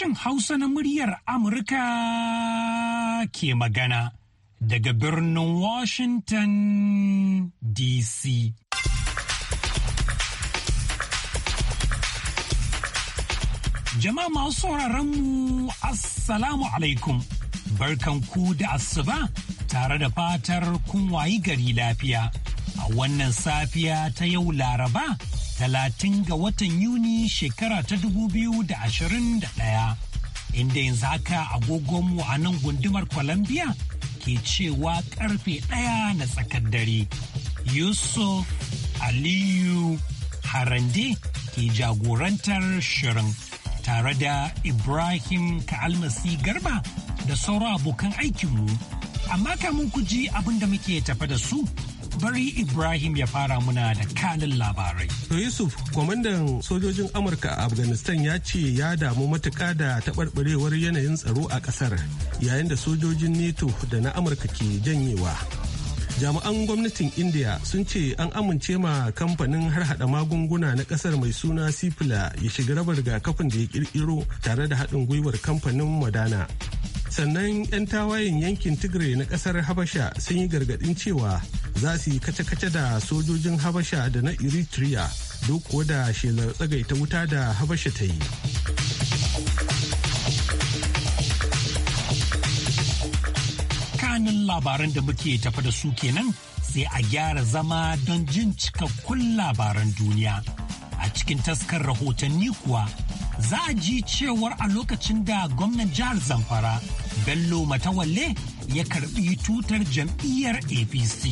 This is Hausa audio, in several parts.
sashen Hausa na muryar Amurka ke magana daga birnin Washington DC. Jama'a masu mu Assalamu alaikum, barkanku da asuba tare da fatar kun wayi gari lafiya a wannan safiya ta yau Laraba. talatin ga watan Yuni shekara ta dubu biyu da da ashirin 2021 inda yanzu haka agogonmu a nan gundumar kwalambiya ke cewa karfe ɗaya na tsakar dare. Yusuf Aliyu Harande ke jagorantar shirin tare da Ibrahim Ka'almasi Garba da sauran abokan aikinmu. Amma kamun ku ji abin da muke tafa da su bari Ibrahim ya fara muna da kanin labarai. To Yusuf, kwamandan sojojin Amurka a Afghanistan ya ce ya damu matuka da taɓarɓarewar yanayin tsaro a ƙasar yayin da sojojin NATO da na Amurka ke janyewa. Jami'an gwamnatin India sun ce an amince ma kamfanin har harhaɗa magunguna na ƙasar mai suna Sifila ya shiga rabar ga kafin da ya ƙirƙiro tare da haɗin gwiwar kamfanin Madana. sannan 'yan tawayen yankin tigray na kasar habasha sun yi gargadin cewa za su yi kace-kace da sojojin habasha da na eritrea duk da shelar tsagaita wuta da habasha ta yi kanin labaran da muke tafa da su kenan sai a gyara zama don jin cikakkun labaran duniya a cikin taskar rahotanni kuwa za a ji cewar a lokacin da gwamnan jihar zamfara bello matawalle ya karbi tutar jam'iyyar apc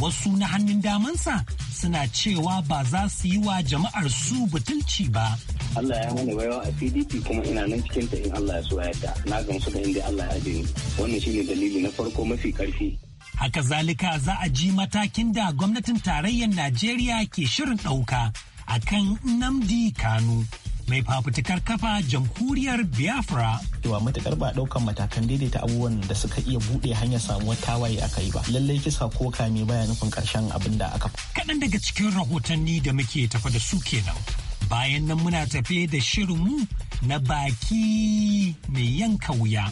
wasu na hannun damansa suna cewa ba za su yi wa jama'ar su butulci ba Allah ya mana baiwa a PDP kuma ina nan cikin ta in Allah ya so yadda na gamsu da inda Allah ya ji wannan shine dalili na farko mafi ƙarfi. haka zalika za a ji matakin da gwamnatin tarayyar Najeriya ke shirin ɗauka akan Namdi Kanu mai fafutukar kafa jamhuriyar biafra cewa matukar ba daukan matakan daidaita abubuwan da suka iya bude hanyar samuwar tawaye aka yi ba lallai kisa ko kame baya nufin karshen abin da aka kaɗan daga cikin rahotanni da muke tafa da su kenan bayan nan muna tafe da shirin mu na baki mai yanka wuya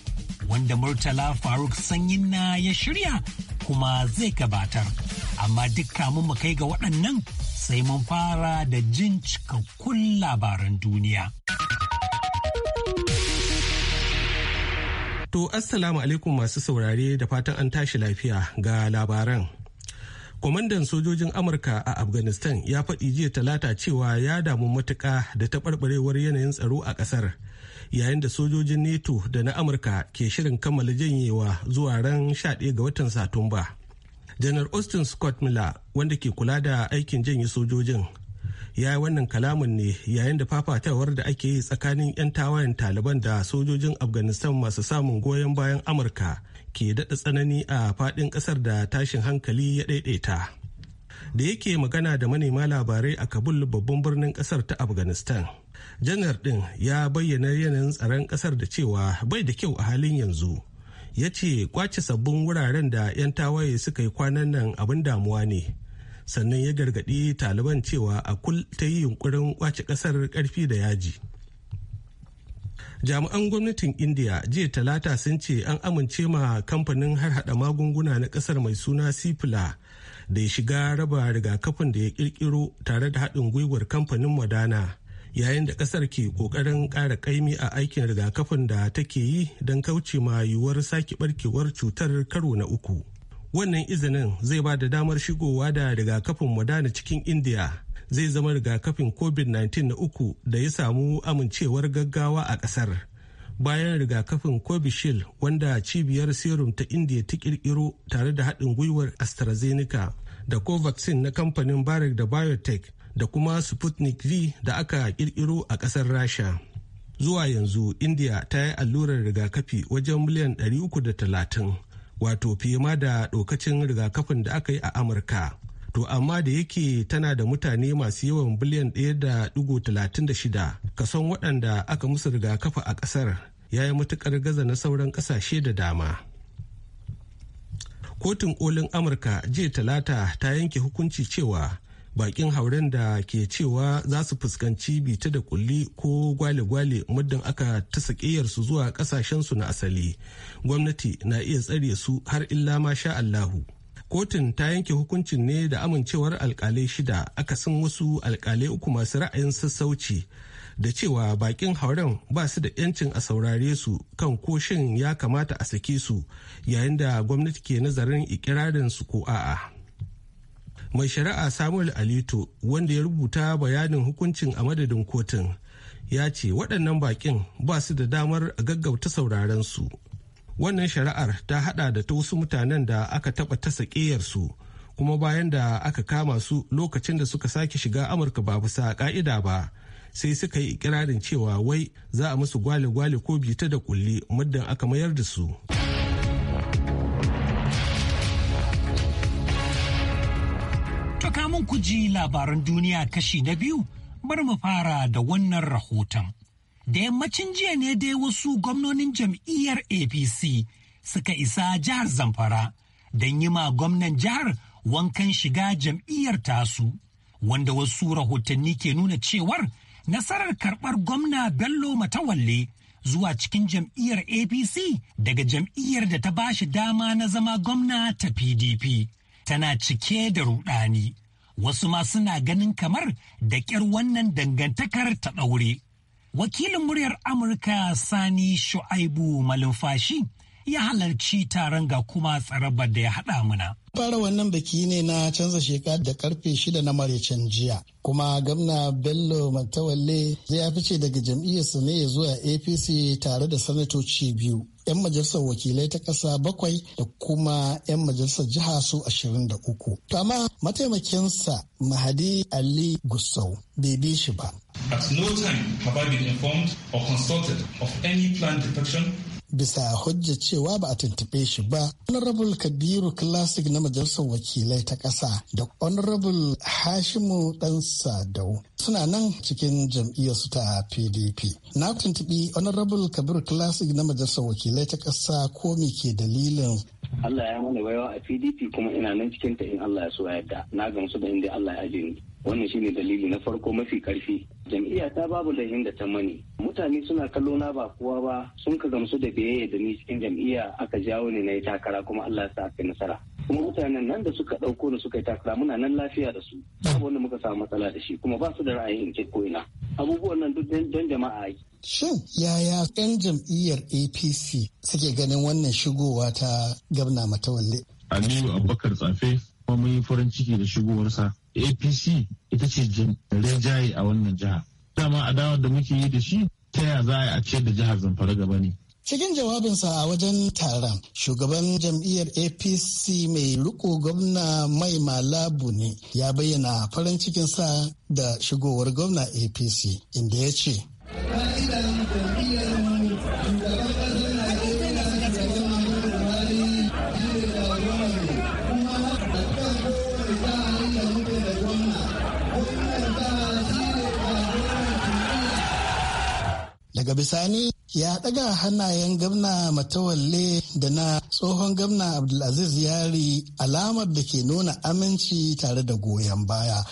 wanda murtala faruk sanyin na ya shirya kuma zai gabatar amma duk kamun mu kai ga waɗannan sai mun fara da jin cikakkun labaran duniya. To, Assalamu alaikum masu saurare da fatan an tashi lafiya ga labaran. kwamandan sojojin amurka a afghanistan ya faɗi jiya talata cewa ya damu matuƙa da taɓarɓarewar yanayin tsaro a ƙasar yayin da sojojin NATO da na amurka ke shirin kammala janyewa zuwa ran 11 ga watan satumba janar austin scott miller wanda ke kula da aikin janye sojojin ya yi wannan kalamin ne yayin da fafatawar da ake yi tsakanin 'yan tawayen taliban da sojojin afghanistan masu samun goyon bayan amurka ke daɗa tsanani a faɗin ƙasar da tashin hankali ya ɗaiɗaita da yake magana da manema labarai a kabul babban birnin ƙasar ta afghanistan janar ɗin ya bayyana yanayin tsaron ƙasar da cewa bai da kyau a halin yanzu ya ce kwace sabbin wuraren da 'yan tawaye suka yi kwanan nan abin damuwa ne sannan ya gargadi taliban cewa a kul ta yi yunkurin kwace kasar karfi da yaji jami'an gwamnatin india jiya talata sun ce an amince ma kamfanin har hada magunguna na kasar mai suna sifila da ya shiga raba rigakafin da ya kirkiro tare da haɗin gwiwar kamfanin madana yayin da kasar ke kokarin ƙara kaimi a aikin rigakafin da take yi don kauce ma yiwuwar sake barkewar cutar karo na uku wannan izinin zai ba da damar shigowa da rigakafin modana cikin india zai zama rigakafin covid-19 na uku da ya samu amincewar gaggawa a kasar bayan rigakafin covishield wanda cibiyar serum ta india ta kirkiro tare da haɗin gwiwar astrazeneca da covaxin na kamfanin barak da biotech da kuma Sputnik V da aka kirkiro a ƙasar Rasha. Zuwa yanzu India ta yi allurar rigakafi wajen miliyan 330 wato fiye ma da ɗokacin rigakafin da aka yi a Amurka. To amma da yake tana da mutane masu yawan biliyan 1.36 kason waɗanda aka musu rigakafa a ƙasar ya yi matuƙar gaza na sauran ƙasashe da dama. Kotun kolin Amurka jiya talata ta yanke hukunci cewa bakin hauren da ke cewa za su fuskanci bita da kulli ko gwale-gwale muddin aka ta su zuwa ƙasashensu na asali gwamnati na iya tsare su har illa ma sha allahu kotun ta yanke hukuncin ne da amincewar alkalai shida aka akasin wasu alkalai uku masu ra'ayin sassauci da cewa bakin hauren ba su da 'yancin a saurare su kan ko shin ya kamata a sake su yayin da gwamnati ke nazarin ikirarin su ko a'a. mai shari'a samuel alito wanda ya rubuta bayanin hukuncin a madadin kotun ya ce waɗannan baƙin ba su da damar gaggauta sauraren su wannan shari'ar ta hada da ta wasu mutanen da aka taɓa ta su kuma bayan da aka kama su lokacin da suka sake shiga amurka ba bisa ƙa'ida ba sai suka yi ikirarin cewa wai za a musu gwale-gwale ko bita da kulli muddin aka mayar da su. ku ji labaran duniya kashi na biyu, bar mu fara da wannan rahoton. Da yammacin jiya ne dai wasu gwamnonin jam'iyyar APC suka isa jihar Zamfara don yi ma gwamnan jihar wankan shiga jam'iyyar tasu, wanda wasu rahotanni ke nuna cewar nasarar karɓar gwamna Bello Matawalle zuwa cikin jam'iyyar APC daga jam'iyyar da ta bashi dama na zama gwamna ta PDP. Tana cike da ruɗani. wasu ma suna ganin kamar da ƙyar wannan dangantakar ta ɗaure. Wakilin muryar Amurka Sani Shu'aibu Malumfashi ya halarci taron ga kuma tsarabar da ya haɗa muna. fara wannan biki ne na canza shekara da karfe shida na maraicen jiya kuma gamna bello matawalle zai fice daga jam'iyyarsa ne ya zuwa apc tare da sanatoci biyu 'yan majalisar wakilai ta ƙasa bakwai da kuma 'yan majalisar jiha su ashirin da uku. To amma mataimakinsa Mahadi Ali Gusau bai bi shi ba. At no time have I been informed or consulted of any planned detection bisa hujja cewa ba a tuntube shi ba honorable kabiru classic na majalisar wakilai ta ƙasa da honorable hashimu dan sadau suna nan cikin jam'iyyarsu ta pdp na tuntuɓi honorable kabiru classic na majalisar wakilai ta ƙasa ko me ke dalilin Allah ya mana baiwa a PDP kuma ina nan cikin ta in Allah ya so yadda na gamsu da inda Allah ya aje ni wannan shine dalili na farko mafi karfi jam'iyya ta babu lahin da ta mani mutane suna kallo na ba kowa ba sun ka gamsu da biyayya da ni cikin jam'iyya aka jawo ne na yi takara kuma Allah ya sa nasara kuma mutanen nan da suka ɗauko da suka yi takara muna nan lafiya da su babu wanda muka samu matsala da shi kuma ba su da ra'ayin ke ko'ina abubuwan nan duk don jama'a yi. Shin yaya 'yan jam'iyyar APC suke ganin wannan shigowa ta gabna matawalle? Aliyu Abubakar Tsafe kuma mun yi farin ciki da shigowarsa. APC ita ce rinjaye a wannan jiha. Dama adawar da muke yi da shi ta yaya za a ce da jihar Zamfara gaba ne. Cikin jawabinsa a wajen taron, shugaban jam'iyyar APC mai riko gwamna mai malabu ne ya bayyana farin cikin sa da shigowar gwamna APC inda ya ce. daga bisani ya daga hannayen gwamna matawalle da na tsohon gamna abdulaziz yari alamar da ke nuna aminci tare da goyon baya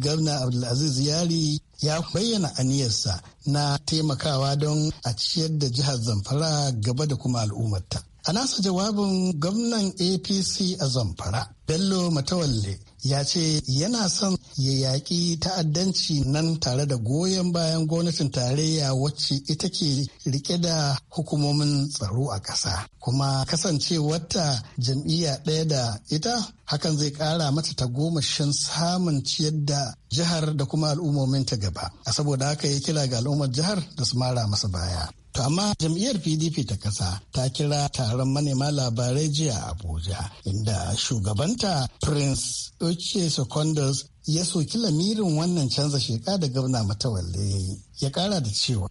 gamna abdulaziz yari ya bayyana aniyarsa na taimakawa don a ciyar da jihar zamfara gaba da kuma al'ummarta a nasa jawabin gwamnan apc a zamfara bello matawalle ya ce yana son ya yaƙi ta'addanci nan tare da goyon bayan gwamnatin tarayya wacce ita ke rike da hukumomin tsaro a ƙasa kuma kasancewarta jam'iyya ɗaya da ita hakan zai ƙara mata tagomashin samun ciyar da jihar da kuma al'ummomin ta gaba a saboda haka ya kira ga al'ummar jihar da su mara masa baya To amma jam'iyyar PDP ta ƙasa ta kira taron manema labarai jiya a Abuja inda shugabanta Prince Oche Secondus ya soki lamirin wannan canza sheka da gwamna matawalle ya kara da cewa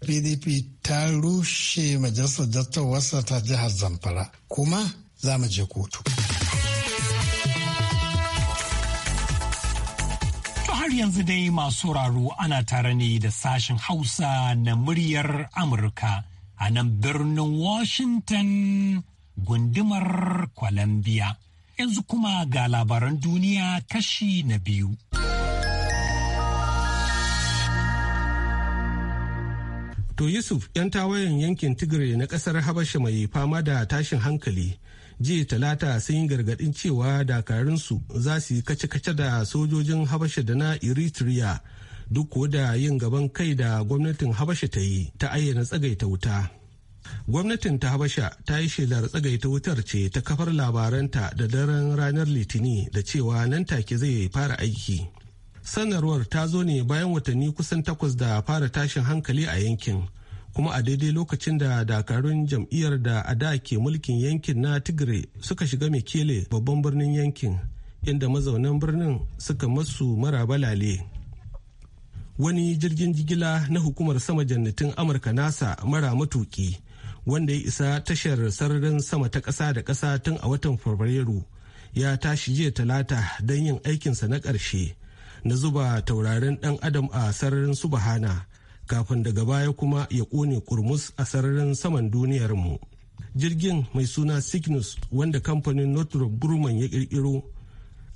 PDP eh, ta rushe majalisar dattawarsa ta jihar Zamfara kuma za mu je kotu. Har yanzu dai masu sauraro ana tare ne da sashen Hausa na muryar Amurka a nan birnin Washington gundumar Columbia. Yanzu kuma ga labaran duniya kashi na biyu. To Yusuf, 'yan tawayan yankin Tigray na kasar Habasha mai fama da tashin hankali jiya talata sun yi gargaɗin cewa dakarunsu za su yi kace-kace da sojojin habasha da na eritrea duk ko da yin gaban kai da gwamnatin habasha ta yi ta ayyana tsagaita wuta gwamnatin ta habasha ta yi shelar tsagaita wutar ce ta kafar labaranta da daren ranar litini da cewa nan take zai fara aiki sanarwar ta zo ne bayan watanni kusan takwas da fara tashin hankali a yankin kuma a daidai lokacin da dakarun jam'iyyar da a da ke mulkin yankin na tigray suka shiga mekele babban birnin yankin inda mazaunan birnin suka masu mara balale wani jirgin jigila na hukumar sama jannatin amurka nasa mara matuki wanda ya isa tashar sararin sama ta kasa da kasa tun a watan fabrairu ya tashi jiya talata don yin aikinsa na ƙarshe na zuba taurarin dan adam a sararin subahana kafin daga baya kuma ya kone kurmus a sararin saman duniyarmu. Jirgin mai suna Cygnus wanda kamfanin Northrop Grumman ya kirkiro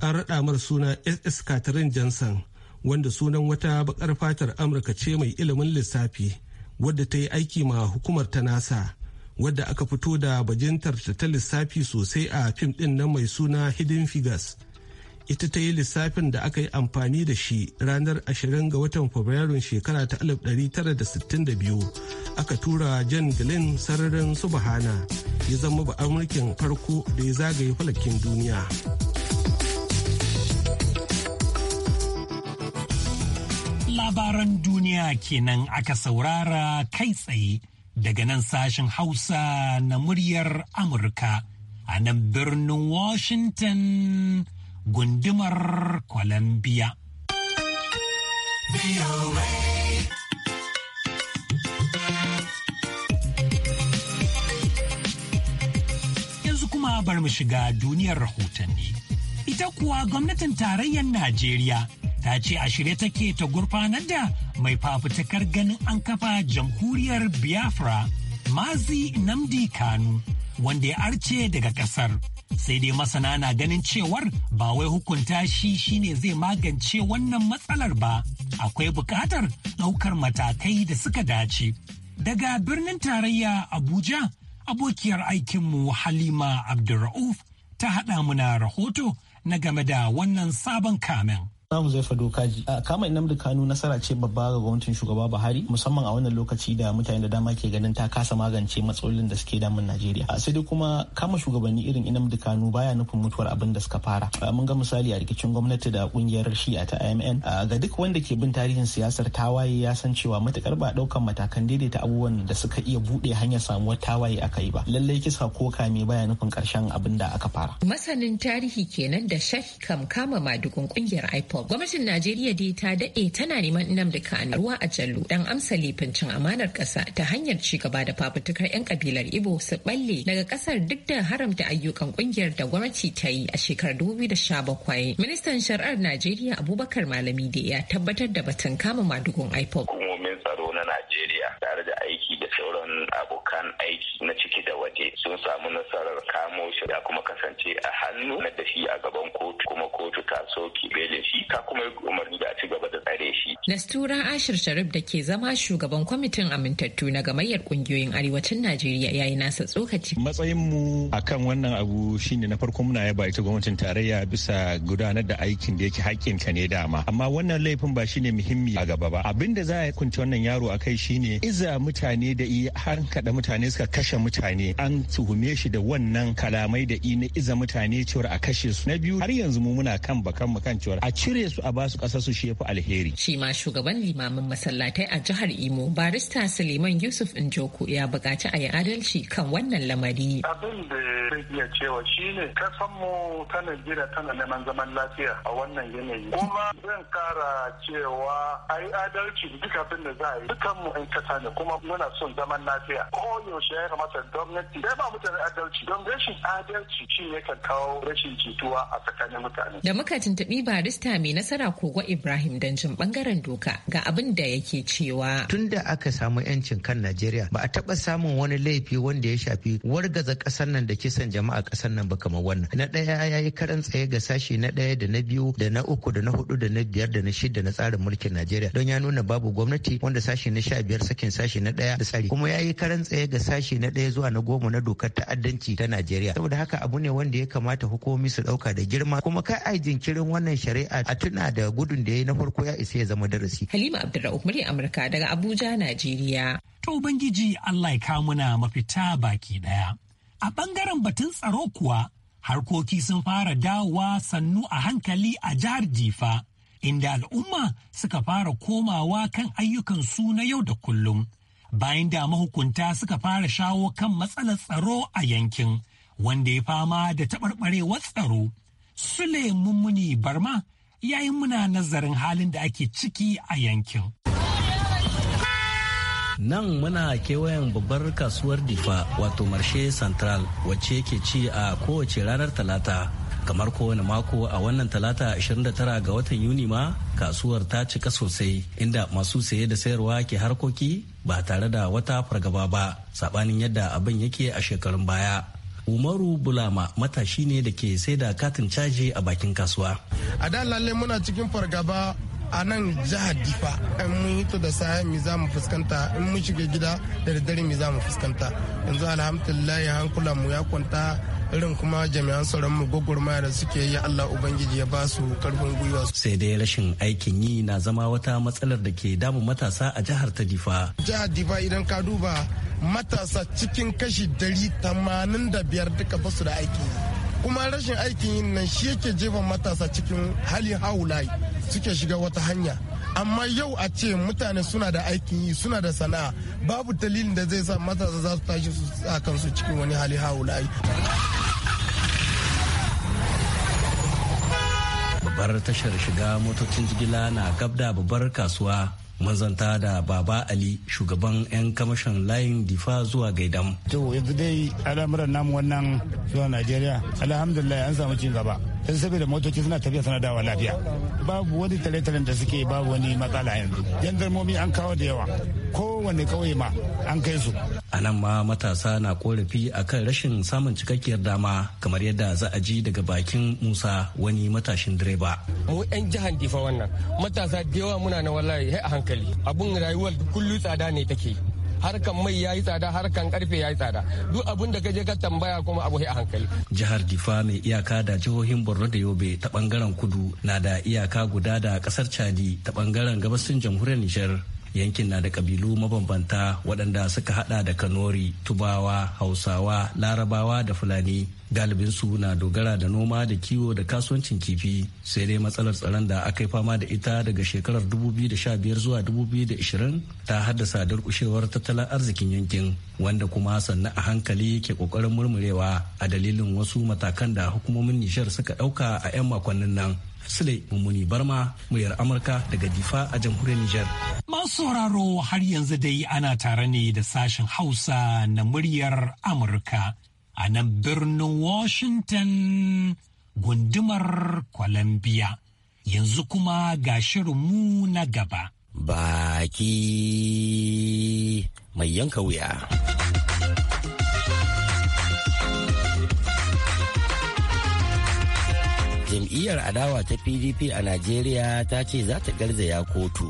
an raɗa mar suna SS Catherine Johnson wanda sunan wata bakar fatar Amurka ce mai ilimin lissafi wadda ta yi aiki ma hukumar ta NASA wadda aka fito da bajintar ta lissafi sosai a fim ɗin nan mai suna Hidden Figures. ita ta yi lissafin da aka yi amfani da shi ranar 20 ga watan fabrairun shekara ta 1962 aka tura jan glenn sararin subhana ya zama ba amurkin farko da ya zagaye falakin duniya labaran duniya kenan aka saurara kai tsaye daga nan sashen hausa na muryar amurka a nan birnin washington gundumar Columbia. Yanzu kuma bar mu shiga duniyar rahotanni. Ita kuwa gwamnatin tarayyar Najeriya ta ce a shirye take ta gurfanar da mai fafutukar ganin an kafa jamhuriyar Biafra Mazi Namdi Kanu wanda ya arce daga ƙasar. sai dai masana na ganin cewar ba wai hukunta shi shine zai magance wannan matsalar ba akwai bukatar ɗaukar matakai da suka dace daga birnin tarayya abuja abokiyar aikinmu halima abdulra'uf ta haɗa muna rahoto na game da wannan sabon kamen namu zai fado kaji a kama inamdi kanu nasara ce babba ga gwamnatin shugaba buhari musamman a wannan lokaci da mutane da dama ke ganin ta kasa magance matsalolin da suke damun najeriya a sai dai kuma kama shugabanni irin inamdi kanu baya nufin mutuwar abin da suka fara mun ga misali a rikicin gwamnati da kungiyar shi'a ta imn ga duk wanda ke bin tarihin siyasar tawaye ya san cewa matukar ba daukan matakan daidaita abubuwan da suka iya buɗe hanyar samuwar tawaye aka yi ba lallai kisa ko kame baya nufin karshen abin da aka fara masanin tarihi kenan da shahi kam kama madugun kungiyar ipod Gwamnatin Najeriya dai ta daɗe tana neman Nnamdi Kanu ruwa a jallu dan amsa lifincin amanar ƙasa ta hanyar ci gaba da fafutukar 'yan kabilar Ibo su balle daga ƙasar duk da haramta ayyukan ƙungiyar da gwamnati ta yi a shekarar 2017. Ministan Shari'ar Najeriya Abubakar Malami da ya tabbatar da batun kama madugun IPOP. Hukumomin tsaro na Najeriya najeriya tare da aiki da sauran abokan aiki na ciki da waje sun samu nasarar kamo shi ya kuma kasance a hannu na da shi a gaban kotu kuma kotu ta soke belin shi ta kuma umarni da a ci gaba da tsare shi. nastura ashir sharif da ke zama shugaban kwamitin amintattu na gamayyar kungiyoyin arewacin najeriya ya yi nasa tsokaci. mu a kan wannan abu shine na farko muna yaba ita gwamnatin tarayya bisa gudanar da aikin da yake haƙƙinta ne dama amma wannan laifin ba shine muhimmi a gaba ba Abin da za a kunci wannan yaro a kai shine iza mutane da yi har kada mutane suka kashe mutane an tuhume shi da wannan kalamai da i na iza mutane cewar a kashe su na biyu har yanzu mu muna kan bakan mu kan cewar a cire su a ba su kasa su shefu alheri shi ma shugaban limamin masallatai a jihar Imo barista Suleiman Yusuf Njoku ya bukaci a yi adalci kan wannan lamari abin da zai iya cewa shine kasan mu ta Najeriya tana neman zaman lafiya a wannan yanayi kuma zan kara cewa a yi adalci duka abin da za a yi dukan mu in ƙasa ne kuma muna son zaman lafiya ko yaushe ya kamata gwamnati dai ba mutane adalci don rashin adalci shi ne kan kawo rashin jituwa a tsakanin mutane da muka tuntuɓi barista mai nasara kogo ibrahim danjin bangaren doka ga abin da yake cewa tun da aka samu yancin kan najeriya ba a taɓa samun wani laifi wanda ya shafi wargaza ƙasar nan da kisan jama'a ƙasar nan ba kamar wannan na ɗaya ya yi karan tsaye ga sashi na ɗaya da na biyu da na uku da na hudu da na biyar da na shida na tsarin mulkin najeriya don ya nuna babu gwamnati wanda sashi na sha biyar sakin sashi na ɗaya da sari kuma ya yi karan tsaye ga sashi na ɗaya zuwa na goma na dokar ta'addanci ta Najeriya saboda haka abu ne wanda ya kamata hukumomi su ɗauka da girma kuma kai ai jinkirin wannan shari'a a tuna da gudun da ya yi na farko ya isa ya zama darasi. Halima Abdulrahman muryar Amurka daga Abuja, Najeriya. to Ubangiji Allah ya kawo muna mafita baki ɗaya. A bangaren batun tsaro kuwa harkoki sun fara dawowa sannu a hankali a jihar Jifa inda al'umma suka fara komawa kan ayyukansu na yau da kullum bayan da mahukunta suka fara shawo kan matsalar tsaro a yankin wanda ya fama da taɓarɓarewar tsaro sule mummuni barma yayin muna nazarin halin da ake ciki a yankin. nan muna kewayen babbar kasuwar difa wato marshe central wacce ke ci a kowace ranar talata kamar kowane mako a wannan talata 29 ga watan yuni ma kasuwar ta cika sosai inda masu saye da sayarwa ke harkoki ba tare da wata fargaba ba sabanin yadda abin yake a shekarun baya umaru bulama matashi ne da ke sai da katin caji a bakin kasuwa a da lalle muna cikin fargaba a nan jihar difa in mun hito da sa mi za mu fuskanta in mun shiga gida da daddare mi za mu fuskanta yanzu alhamdulillah hankula mu ya kwanta irin kuma jami'an tsaron mu gwagwarmaya da suke yi Allah ubangiji ya ba su karfin gwiwa sai dai rashin aikin yi na zama wata matsalar da ke damun matasa a jihar ta Difa jihar Difa idan ka duba matasa cikin kashi dari tamanin da biyar duka ba su da aiki kuma rashin aikin yin nan shi yake jefa matasa cikin hali haulayi suke shiga wata hanya amma yau a ce mutane suna da aikin yi suna da sana'a babu dalilin da zai sa matasa za su tashi su kansu cikin wani hali haulayi babbar tashar shiga motocin jigila na gabda babbar kasuwa manzanta da baba ali shugaban 'yan kamashin layin difa zuwa gaidam to yanzu dai al'amuran namu wannan zuwa najeriya alhamdulillah an samu cin gaba don saboda motoci suna tafiya suna dawa lafiya babu wani tare da suke babu wani matsala yanzu yan darmomi an kawo da yawa kowane kauye ma an kai su a nan ma matasa na korafi a kan rashin samun cikakkiyar dama kamar yadda za a ji daga bakin musa wani matashin direba mu yan jihar difa wannan matasa da yawa muna na wallahi a hankali abun rayuwar kullu tsada ne take harkan mai ya yi tsada harkan karfe ya yi tsada duk abun da kaje ka tambaya kuma abu a hankali jihar difa mai iyaka da jihohin borno da yobe ta bangaren kudu na da iyaka guda da kasar chadi ta bangaren gabasin jamhuriyar nijar yankin na da kabilu mabambanta waɗanda suka hada da kanori tubawa hausawa larabawa da fulani galibin su na dogara da noma da kiwo da kasuwancin kifi sai dai matsalar tsaron da aka yi fama da ita daga shekarar 2015 zuwa 2020 ta haddasa durkushewar tattalin arzikin yankin wanda kuma sannan a hankali ke kokarin murmurewa a dalilin wasu matakan da hukumomin nishar suka ɗauka a 'yan makonnin nan Sule Mummuni Barma muyar Amurka daga Difa a jamhuriyar Nijar. Masu sauraro har yanzu dai ana tare ne da sashen Hausa na muryar Amurka a nan birnin Washington gundumar Columbia. Yanzu kuma ga mu na gaba. Baki mai yanka wuya. jam'iyyar adawa ta pdp a najeriya ta ce za ta garzaya kotu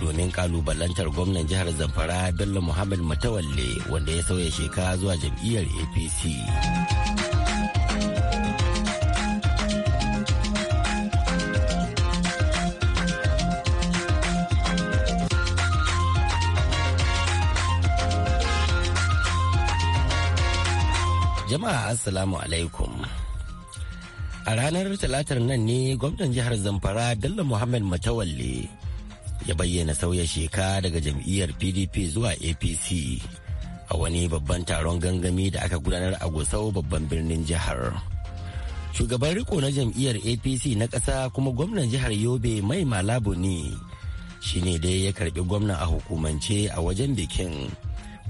domin kalubalantar gwamnan jihar zamfara bello muhammad matawalle wanda ya sauya shekara zuwa jam'iyyar apc jama'a assalamu alaikum a ranar talatar nan ne gwamnan jihar zamfara bello muhammad matawalle ya bayyana sauya sheka daga jam'iyyar pdp zuwa apc a wani babban taron gangami da aka gudanar a gusau babban birnin jihar shugaban riko na jam'iyyar apc na ƙasa kuma gwamnan jihar yobe mai malabo ne shine dai ya karbi gwamna a hukumance a wajen bikin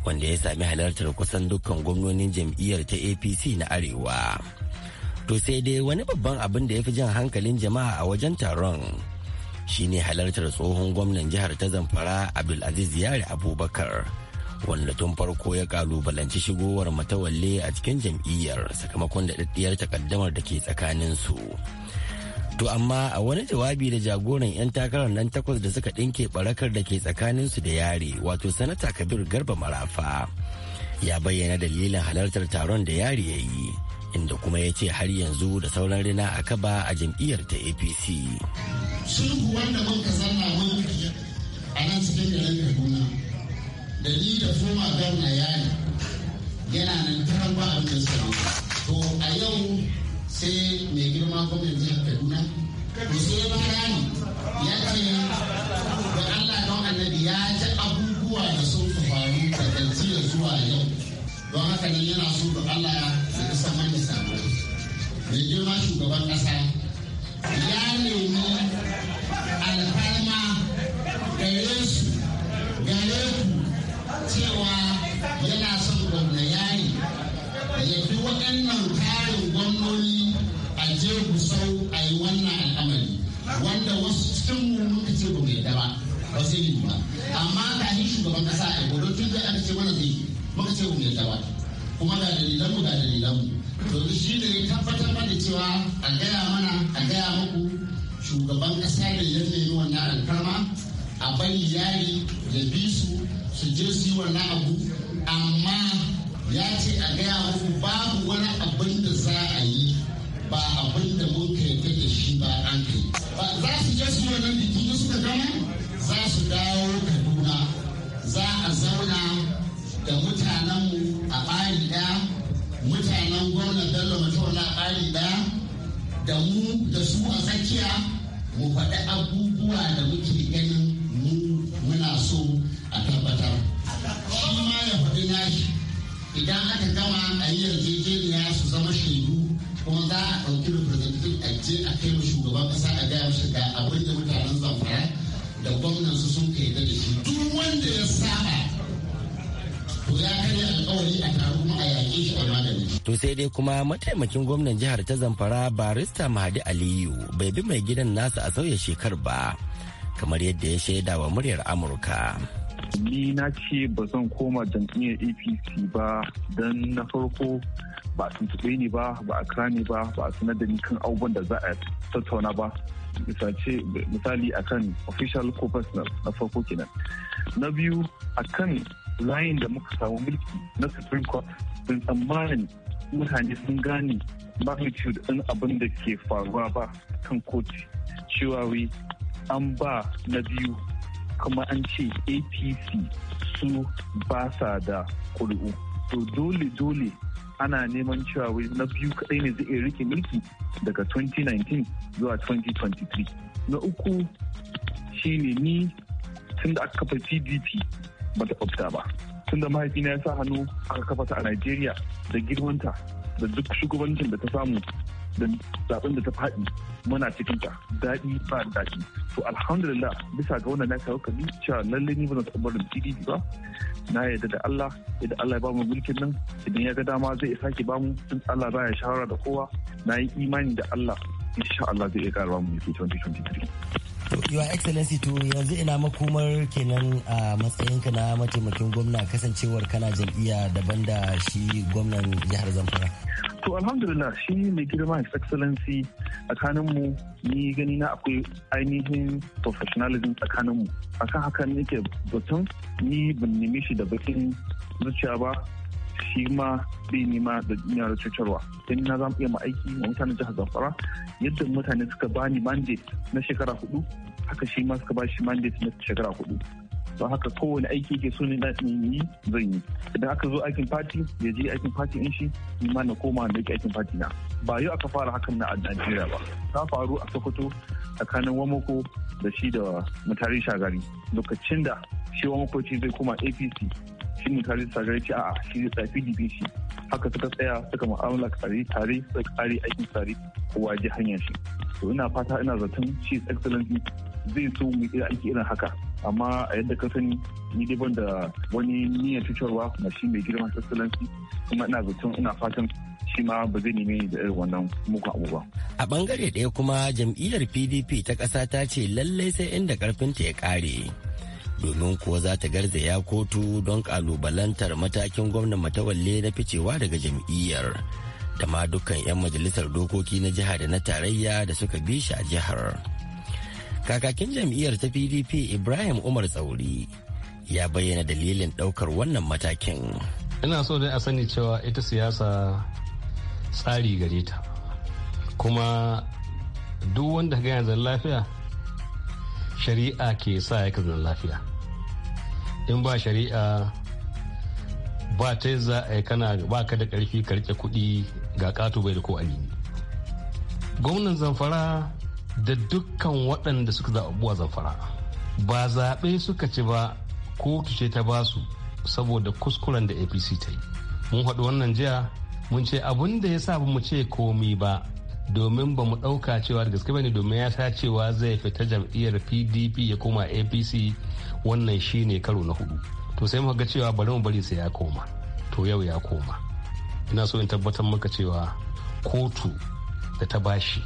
wanda ya sami halartar kusan dukkan gwamnonin jam'iyyar ta apc na arewa To sai dai wani babban abin da ya fi jan hankalin jama'a a wajen taron shine halartar tsohon gwamnan jihar ta Zamfara Abdulaziz Yari Abubakar. wanda tun farko ya kalubalanci shigowar matawalle a cikin jam'iyyar sakamakon da daddiyar takaddamar da ke tsakaninsu To amma a wani jawabi da jagoran 'yan takarar nan takwas da suka ɗinke ɓarakar da ke tsakanin su da yari wato sanata Kabir Garba Marafa ya bayyana dalilin halartar taron da yari ya yi inda kuma ya ce har yanzu da sauran rina a kaba a jam'iyyar ta apc sulhu wanda man ka zanna mun biyar a nan cikin garin kaduna da ni da foma ya yayi yana nan taron ba abin da suka to a yau sai mai girma gwamnan jihar kaduna to sai bayani ya ce da allah don annabi ya ji abubuwa da sun faru daga jiya zuwa yau don haka nan yana so da Allah ya yi saman da sabo mai girma shugaban ƙasa ya nemi alfarma gare su gare ku cewa yana son gwamna yari ya fi waɗannan tarin gwamnoni a je sau a yi wannan al'amari wanda wasu cikin mu muka ce ba mai daba ba sai ba amma yi shugaban ƙasa a gobe tun da aka ce mana zai yi muka ce mu yadda ba kuma ga dalilan ga da dalilan to shi ne tabbatar mana cewa a gaya mana a gaya muku shugaban kasa da ya nemi wannan alfarma a bari yari ya bi su je su yi wannan abu amma ya ce a gaya muku babu wani abin da za a yi ba abin da mun ka yarda da shi ba an kai ba za su je su wannan biki suka gama za su dawo kaduna za a zauna da mutanenmu a ɓari mutanen gwamnan bello mutuwar a ɓari da mu da su a tsakiya mu faɗi abubuwa da muke ganin mu muna so a tabbatar shi ma ya faɗi nashi idan aka gama a yi yarjejeniya su zama shaidu kuma za a ɗauki representative a je a kai mu shugaban ƙasa a gaya mishi ga abin da mutanen zamfara da gwamnan su sun kai da shi duk wanda ya saba to sai dai kuma mataimakin gwamnan jihar ta Zamfara barista Mahadi Aliyu bai bi mai gidan nasa a sauya shekar ba kamar yadda ya shaida wa muryar Amurka. Ni na ce ba zan koma jam'iyyar APC ba don na farko ba a tuntube ni ba ba a kira ni ba ba a sanar da ni kan abubuwan da za a tattauna ba misali akan official ko personal na farko kenan na biyu akan layin da muka samu mulki na supreme court sun tsammanin mutane sun gane magnitude ɗin abin da ke faruwa ba kan kotu cewa wai an ba na biyu kuma an ce apc su ba sa da kuri'u to dole dole ana neman cewa wai na biyu kadai ne zai iya rike mulki daga 2019 zuwa 2023 na uku shine ni tun da aka kafa pdp bata ta ba ba da mahaifina ya sa hannu aka kafa ta a Najeriya da girmanta da duk shugabancin da ta samu da zaben da ta faɗi muna cikin ta daɗi ba daɗi to alhamdulillah bisa ga wannan na kawo kabi cewa lallai ni ba na taɓa da PDP ba na yarda da Allah idan Allah ya bamu mulkin nan idan ya ga dama zai sake bamu tun Allah ba ya shawara da kowa na yi imani da Allah insha Allah zai iya ƙara bamu 2023 Your Excellency to yanzu ina makomar kenan a matsayinka na mataimakin gwamna kasancewar kana jam'iyya daban da shi gwamnan jihar Zamfara. To alhamdulillah shi mai girma His Excellency tsakaninmu ni gani na akwai ainihin professionalism tsakaninmu. Akan haka nake batun ni ban nemi shi da bakin zuciya ba shi ma bai nema da duniya da cutarwa don na za iya ma aiki wa mutanen jihar zamfara yadda mutane suka bani mandate na shekara hudu haka shi ma suka ba shi mandate na shekara hudu don haka kowane aiki ke so ne na yi zan yi idan aka zo aikin fati ya je aikin fati in shi ni ma na koma na aikin fati na ba yau aka fara hakan na a Najeriya ba ta faru a Sokoto tsakanin Wamako da shi da Mutare Shagari lokacin da shi Wamoko zai koma APC shi ne tare da sagare ce a shi zai tafi dibin shi haka suka tsaya suka mu'amala tare tare suka kare aikin tare kowa ji hanyar shi to ina fata ina zaton shi excellency zai so mu yi aiki irin haka amma a yadda ka sani ni dai ban da wani niyyar cutarwa na shi mai girman excellency kuma ina zaton ina fatan shi ma ba zai neme da irin wannan muku abu ba. A bangare ɗaya kuma jam'iyyar PDP ta ƙasa ta ce lallai sai inda ƙarfinta ya ƙare. domin kuwa za ta garzaya kotu don kalubalantar matakin gwamnan matawalle na ficewa daga jam'iyyar da ma dukkan 'yan majalisar dokoki na jiha da na tarayya da suka bi shi a jihar kakakin jam'iyyar ta pdp ibrahim umar tsauri ya bayyana dalilin ɗaukar wannan matakin ina so dai a sani cewa ita siyasa tsari gare ta kuma duk wanda ga yanzu lafiya shari'a ke sa ya zan lafiya in ba shari'a ba ta za a kana ba ka da karfi karke kuɗi ga ƙato bai da ko alini gwamnan zamfara da dukkan waɗanda suka zaɓuwa zamfara ba zaɓe suka ci ba ko ce ta basu saboda kuskuren da apc ta yi mun haɗu wannan jiya mun ce abin da ya sa mu ce komi ba domin ba mu ɗauka cewa da gaske ne domin ya sa cewa zai fita jam'iyyar pdp ya koma apc wannan shi ne karo na hudu to sai muka ga cewa bari mu bari sai ya koma to yau ya koma ina so in tabbatar maka cewa kotu da ta bashi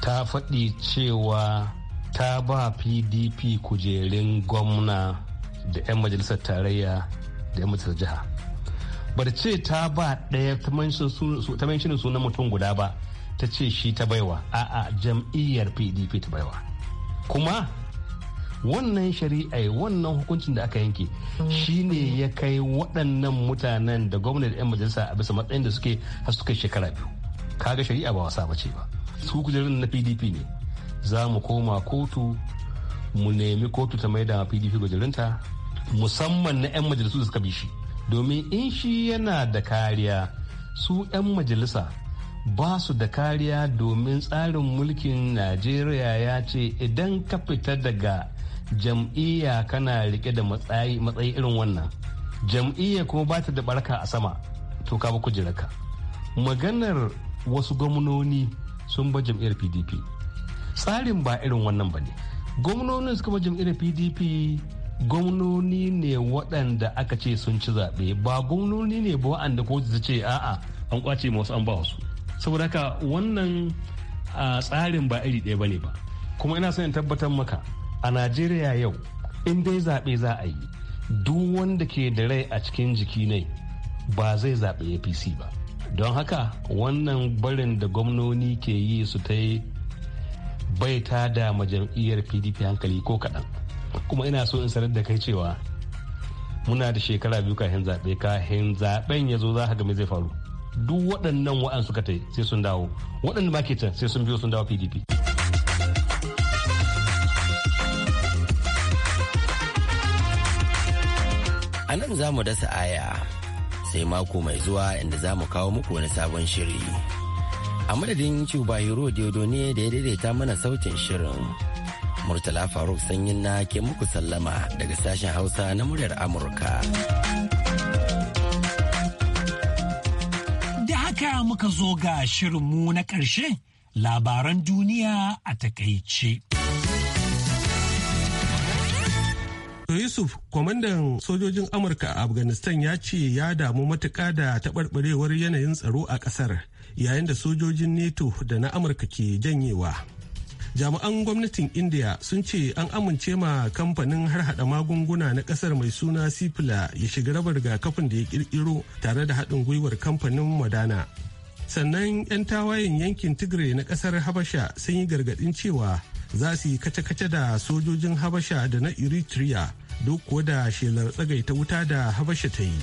ta faɗi cewa ta ba pdp kujerun gwamna da 'yan majalisar tarayya da 'yan majalisar jiha bar ce ta ba ɗaya ta manshin sunan mutum guda ba ta ce shi ta baiwa a'a jam'iyyar pdp ta baiwa kuma wannan shari'a wannan hukuncin da aka yanke shine ya kai waɗannan mutanen da gwamnati da 'yan majalisa a bisa matsayin da suke har suka shekara biyu kaga shari'a ba wasa bace ba su kujerun na pdp ne za mu koma kotu mu nemi kotu ta maida pdp ta musamman na 'yan majalisu da suka bi shi domin in shi yana da kariya su 'yan majalisa ba su da kariya domin tsarin mulkin najeriya ya ce idan ka fita daga jam'iyya kana rike da matsayi irin wannan jam'iyya kuma ba ta da barka a sama to ka ba kujeraka maganar wasu gwamnoni sun ba jam'iyyar pdp tsarin ba irin wannan ba ne gwamnonin suka ba jam'iyyar pdp gwamnoni ne waɗanda aka ce sun ci zaɓe ba gwamnoni ne ba waɗanda kotu ta ce a'a an kwace masu an ba wasu saboda haka wannan ah, tsarin ba iri ɗaya ba ne ba kuma ina son in tabbatar maka a najeriya yau in dai zaɓe za a yi duk wanda ke da rai a cikin jiki ne ba zai zaɓe apc ba don haka wannan barin da gwamnoni ke yi su ta yi bai ta da majam'iyyar pdp hankali ko kaɗan kuma ina so in sanar da kai cewa muna da shekara biyu kafin zaɓe kafin zaɓen ya zo za ka game zai faru duk waɗannan wa'an suka ta sai sun dawo waɗanda ma ke can sai sun biyo sun dawo pdp A nan za mu dasa aya sai mako mai zuwa inda za mu kawo muku wani sabon shiri. A madadin Cuba Hero Diodo ne da ya daidaita mana sautin shirin. Murtala Faruk Sanyin na ke muku sallama daga sashen Hausa na muryar Amurka. Da haka muka zo ga shirinmu na ƙarshe labaran duniya a takaice. yusuf kwamandan sojojin amurka a afghanistan ya ce ya damu matuƙa da taɓarɓarewar yanayin tsaro a ƙasar yayin da sojojin neto da na amurka ke janyewa jami'an gwamnatin india sun ce an amince ma kamfanin har hada magunguna na kasar mai suna sifila ya shiga rabar ga kafin da ya ƙirƙiro tare da haɗin gwiwar kamfanin madana sannan 'yan tawayen yankin tigray na kasar habasha sun yi gargadin cewa za su yi kace-kace da sojojin habasha da na eritrea duk kuwa da shelar tsagaita wuta da habasha ta yi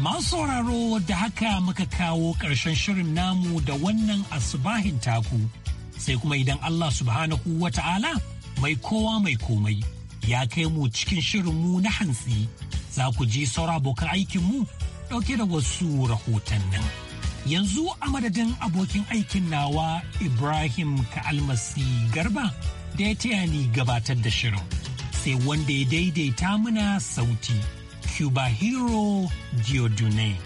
masu sauraro da haka muka kawo ƙarshen shirin namu da wannan asibahin taku sai kuma idan allah subhanahu wa ta'ala mai kowa mai komai ya kai mu cikin shirin mu na hantsi za ku ji saura abokan aikinmu ɗauke da wasu rahotannin. Yanzu a madadin abokin aikin nawa Ibrahim Ka'almasi Garba da ya taya ni gabatar da shirin. Sai wanda ya daidaita muna sauti, Cuba Hero Diodune.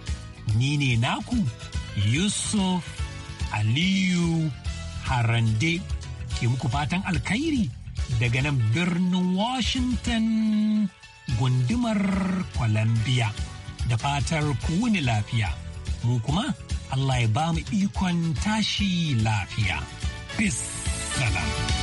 Ni ne naku Yusuf Aliyu Harande ke muku fatan alkhairi daga nan birnin Washington gundumar Columbia da fatar ku lafiya. Mu kuma Allah ya ba mu ikon tashi lafiya. Peace. Salam.